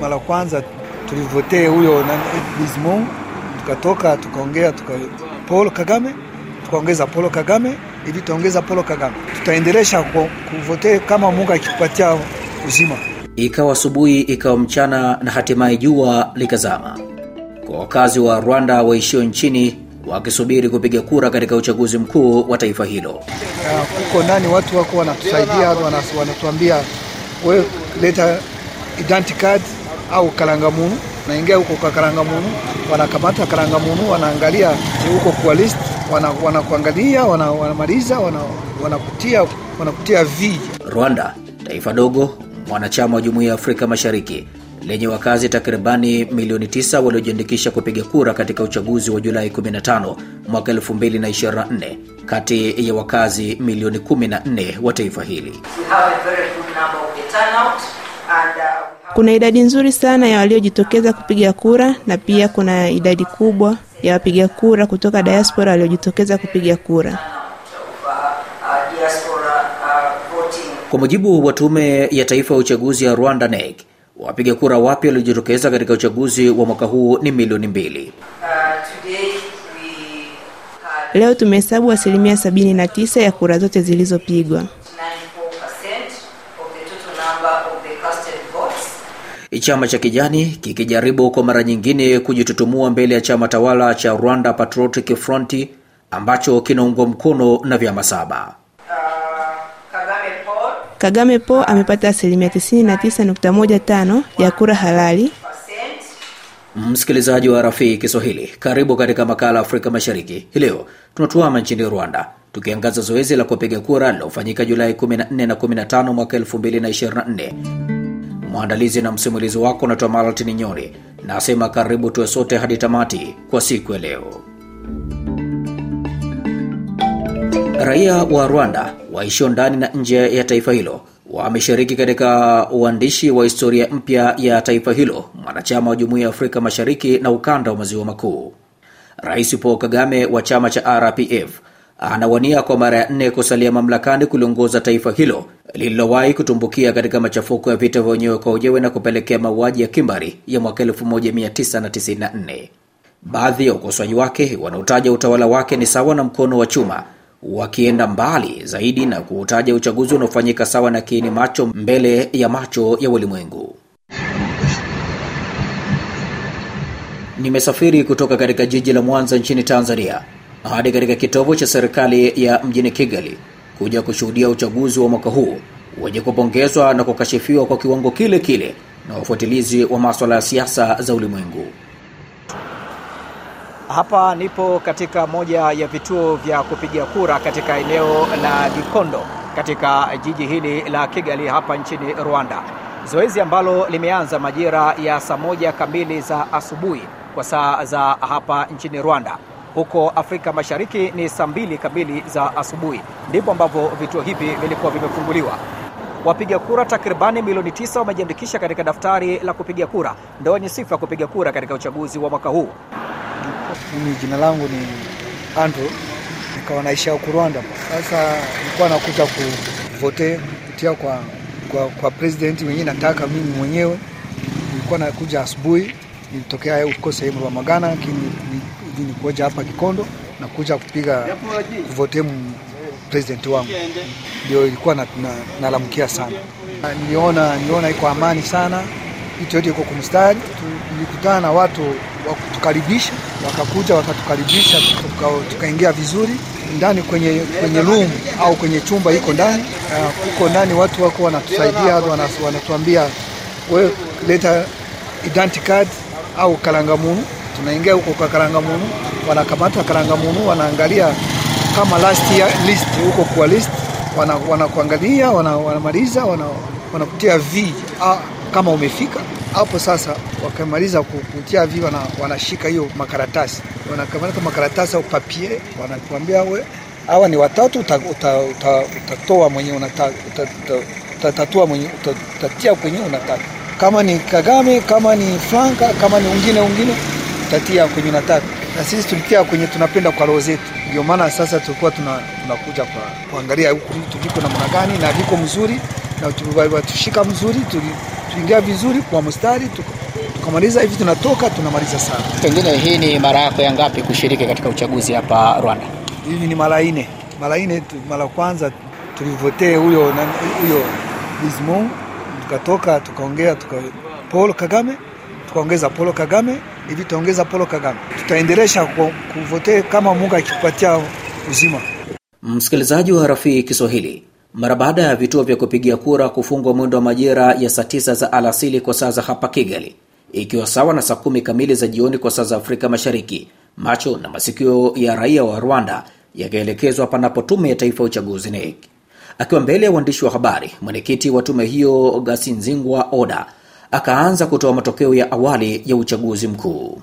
Mara kwanza tulivote huyo Bizimou, tukatoka tukaongea, tuka Paul Kagame, tukaongeza Paul Kagame ili tuongeza Paul Kagame, tutaendelesha kuvotee kama Mungu akipatia uzima. Ikawa asubuhi, ikawa mchana na hatimaye jua likazama. Kwa wakazi wa Rwanda waishio nchini wakisubiri kupiga kura katika uchaguzi mkuu wa taifa hilo. Huko ndani watu wako wanatusaidia, wanatuambia wewe leta identity card au karangamunu, naingia huko kwa karangamunu, wanakamata karangamunu, wanaangalia huko kwa list, wanakuangalia, wana wanamaliza, wana wanakutia wana wanakutia V. Rwanda, taifa dogo, mwanachama wa Jumuiya ya Afrika Mashariki lenye wakazi takribani milioni 9 waliojiandikisha kupiga kura katika uchaguzi wa Julai 15 mwaka 2024 kati ya wakazi milioni 14 wa taifa hili. Uh, kuna idadi nzuri sana ya waliojitokeza kupiga kura na pia kuna idadi kubwa ya wapiga kura kutoka diaspora waliojitokeza kupiga kura. Uh, uh, Kwa mujibu wa Tume ya Taifa ya Uchaguzi ya Rwanda NEC, Wapiga kura wapya waliojitokeza katika uchaguzi wa mwaka huu ni milioni mbili. Leo tumehesabu asilimia 79 ya kura zote zilizopigwa. Chama cha Kijani kikijaribu kwa mara nyingine kujitutumua mbele ya chama tawala cha Rwanda Patriotic Front ambacho kinaungwa mkono na vyama saba. Kagame Po amepata asilimia 99.15 ya kura halali. Msikilizaji wa rafiki Kiswahili, karibu katika makala Afrika Mashariki. Hii leo tunatuama nchini Rwanda tukiangaza zoezi la kupiga kura lilofanyika Julai 14 na 15 mwaka 2024. Mwandalizi na msimulizi wako unaitwa Maltini Nyoni, nasema karibu tuwe sote hadi tamati kwa siku ya leo. Raia wa Rwanda waishio ndani na nje ya taifa hilo wameshiriki katika uandishi wa historia mpya ya taifa hilo, mwanachama wa Jumuiya ya Afrika Mashariki na ukanda wa maziwa makuu. Rais Paul Kagame wa chama cha RPF anawania kwa mara ya nne kusalia mamlakani kuliongoza taifa hilo lililowahi kutumbukia katika machafuko ya vita vya wenyewe kwa wenyewe na kupelekea mauaji ya kimbari ya mwaka 1994. Baadhi ya ukosoaji wake wanaotaja utawala wake ni sawa na mkono wa chuma wakienda mbali zaidi na kuutaja uchaguzi unaofanyika sawa na kiini macho mbele ya macho ya ulimwengu. Nimesafiri kutoka katika jiji la Mwanza nchini Tanzania hadi katika kitovu cha serikali ya mjini Kigali kuja kushuhudia uchaguzi wa mwaka huu wenye kupongezwa na kukashifiwa kwa kiwango kile kile na wafuatilizi wa maswala ya siasa za ulimwengu. Hapa nipo katika moja ya vituo vya kupiga kura katika eneo la Gikondo katika jiji hili la Kigali hapa nchini Rwanda, zoezi ambalo limeanza majira ya saa moja kamili za asubuhi kwa saa za hapa nchini Rwanda. Huko Afrika Mashariki ni saa mbili kamili za asubuhi, ndipo ambavyo vituo hivi vilikuwa vimefunguliwa. Wapiga kura takribani milioni tisa wamejiandikisha katika daftari la kupiga kura. Ndio ni sifa ya kupiga kura katika uchaguzi wa mwaka huu. Mimi jina langu ni Andrew, nikawa naisha huko Rwanda. Sasa nilikuwa nakuja kuvote kupitia kwa, kwa, kwa president mwenyewe nataka mimi mwenyewe. Nilikuwa nakuja asubuhi, nilitokea huko sehemu ya Magana, lakini nilikuja hapa Kikondo nakuja kupiga kuvote president wangu, ndio ilikuwa nalamkia na, na sana. Niliona niliona iko amani sana Vitu hicho iko kumstari. Tulikutana na watu wa kutukaribisha, wakakuja wakatukaribisha, tukaingia tuka vizuri ndani kwenye, kwenye room au kwenye chumba iko ndani ah, huko. Uh, ndani watu wako wanatusaidia, wanatuambia wewe leta identity card au karangamunu. Tunaingia huko kwa karangamunu, wanakamata karangamunu, wanaangalia kama last year list huko kwa list, wanakuangalia wana wanamaliza, wanakutia wana v kama umefika hapo sasa. wakamaliza kukutia vi, wanashika hiyo makaratasi, wanakamata makaratasi au papier, wanakuambia we, hawa ni watatu, utatoa mwenye unataka, utatatua mwenye, utatia kwenye unataka, kama ni Kagame, kama ni Franka, kama ni ungine ungine, utatia kwenye unataka. Na sisi tulitia kwenye tunapenda kwa roho zetu, ndio maana sasa tulikuwa tunakuja tuna kwa kuangalia huku tuliko namna gani na viko mzuri na watushika mzuri, tuingia vizuri kwa mstari tukamaliza hivi, tunatoka tunamaliza sana. Pengine hii ni mara yako ya ngapi kushiriki katika uchaguzi hapa Rwanda? Hivi ni mara nne, mara nne. Mara kwanza tulivotee huyo huyo Bizimon, tukatoka tukaongea, tuka Paul Kagame, tukaongeza Paul Kagame hivi tutaongeza Paul Kagame, tutaendelesha kuvotee kama Mungu akikupatia uzima. Msikilizaji wa Rafii Kiswahili, mara baada ya vituo vya kupigia kura kufungwa mwendo wa majira ya saa tisa za alasili kwa saa za hapa Kigali, ikiwa sawa na saa kumi kamili za jioni kwa saa za Afrika Mashariki, macho na masikio ya raia wa Rwanda yakaelekezwa panapo Tume ya Taifa ya Uchaguzi NEC. Akiwa mbele ya waandishi wa habari, mwenyekiti wa tume hiyo Gasinzingwa Oda akaanza kutoa matokeo ya awali ya uchaguzi mkuu. Uh,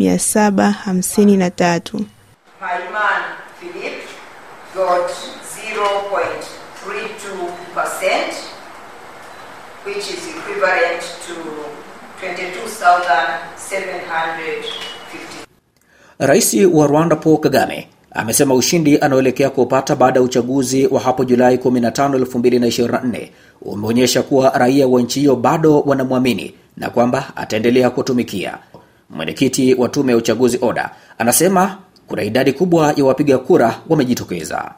Rais wa Rwanda Paul Kagame amesema ushindi anaoelekea kupata baada ya uchaguzi wa hapo Julai 15, 2024 umeonyesha kuwa raia wa nchi hiyo bado wanamwamini na kwamba ataendelea kutumikia Mwenyekiti wa tume ya uchaguzi Oda anasema kuna idadi kubwa ya wapiga kura wamejitokeza.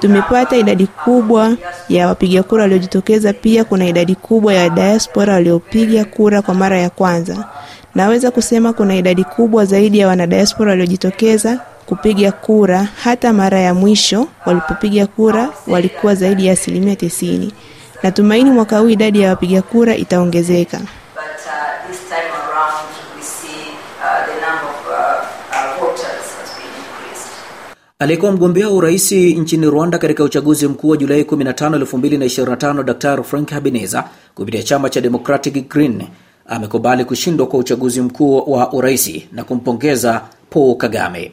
Tumepata idadi kubwa ya wapiga kura waliojitokeza. Pia kuna idadi kubwa ya diaspora waliopiga kura kwa mara ya kwanza. Naweza kusema kuna idadi kubwa zaidi ya wanadiaspora waliojitokeza kupiga kura. Hata mara ya mwisho walipopiga kura walikuwa zaidi ya asilimia tisini. Natumaini mwaka huu idadi ya wapiga kura itaongezeka. Uh, uh, uh, Aliyekuwa mgombea wa urais nchini Rwanda katika uchaguzi mkuu wa Julai 15, 2025, Dr. Frank Habineza kupitia chama cha Democratic Green amekubali kushindwa kwa uchaguzi mkuu wa urais na kumpongeza Paul Kagame.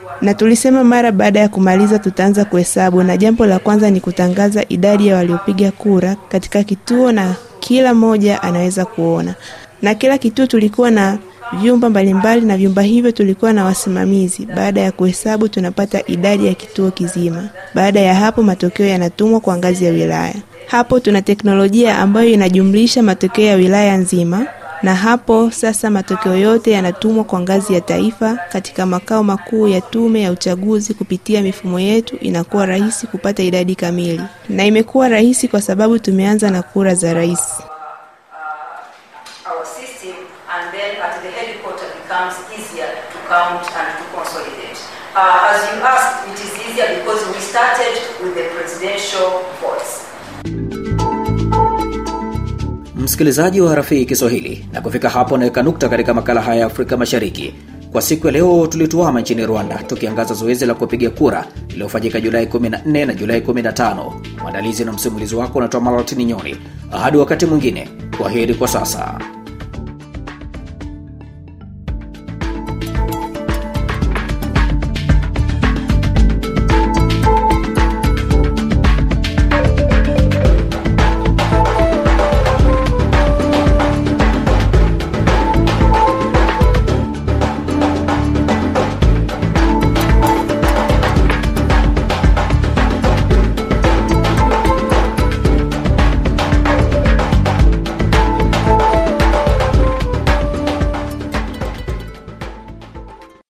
na tulisema mara baada ya kumaliza tutaanza kuhesabu, na jambo la kwanza ni kutangaza idadi ya waliopiga kura katika kituo, na kila mmoja anaweza kuona. Na kila kituo tulikuwa na vyumba mbalimbali, na vyumba hivyo tulikuwa na wasimamizi. Baada ya kuhesabu, tunapata idadi ya kituo kizima. Baada ya hapo, matokeo yanatumwa kwa ngazi ya wilaya. Hapo tuna teknolojia ambayo inajumlisha matokeo ya wilaya nzima na hapo sasa matokeo yote yanatumwa kwa ngazi ya taifa katika makao makuu ya Tume ya Uchaguzi. Kupitia mifumo yetu inakuwa rahisi kupata idadi kamili, na imekuwa rahisi kwa sababu tumeanza na kura za rais. Uh, as you asked, it is easier because we started with the presidential vote. msikilizaji wa rafii kiswahili na kufika hapo naweka nukta katika makala haya ya afrika mashariki kwa siku ya leo tulituama nchini rwanda tukiangaza zoezi la kupiga kura lililofanyika julai 14 na julai 15 mwandalizi na msimulizi wako unatoa malatini nyoni hadi wakati mwingine kwa heri kwa sasa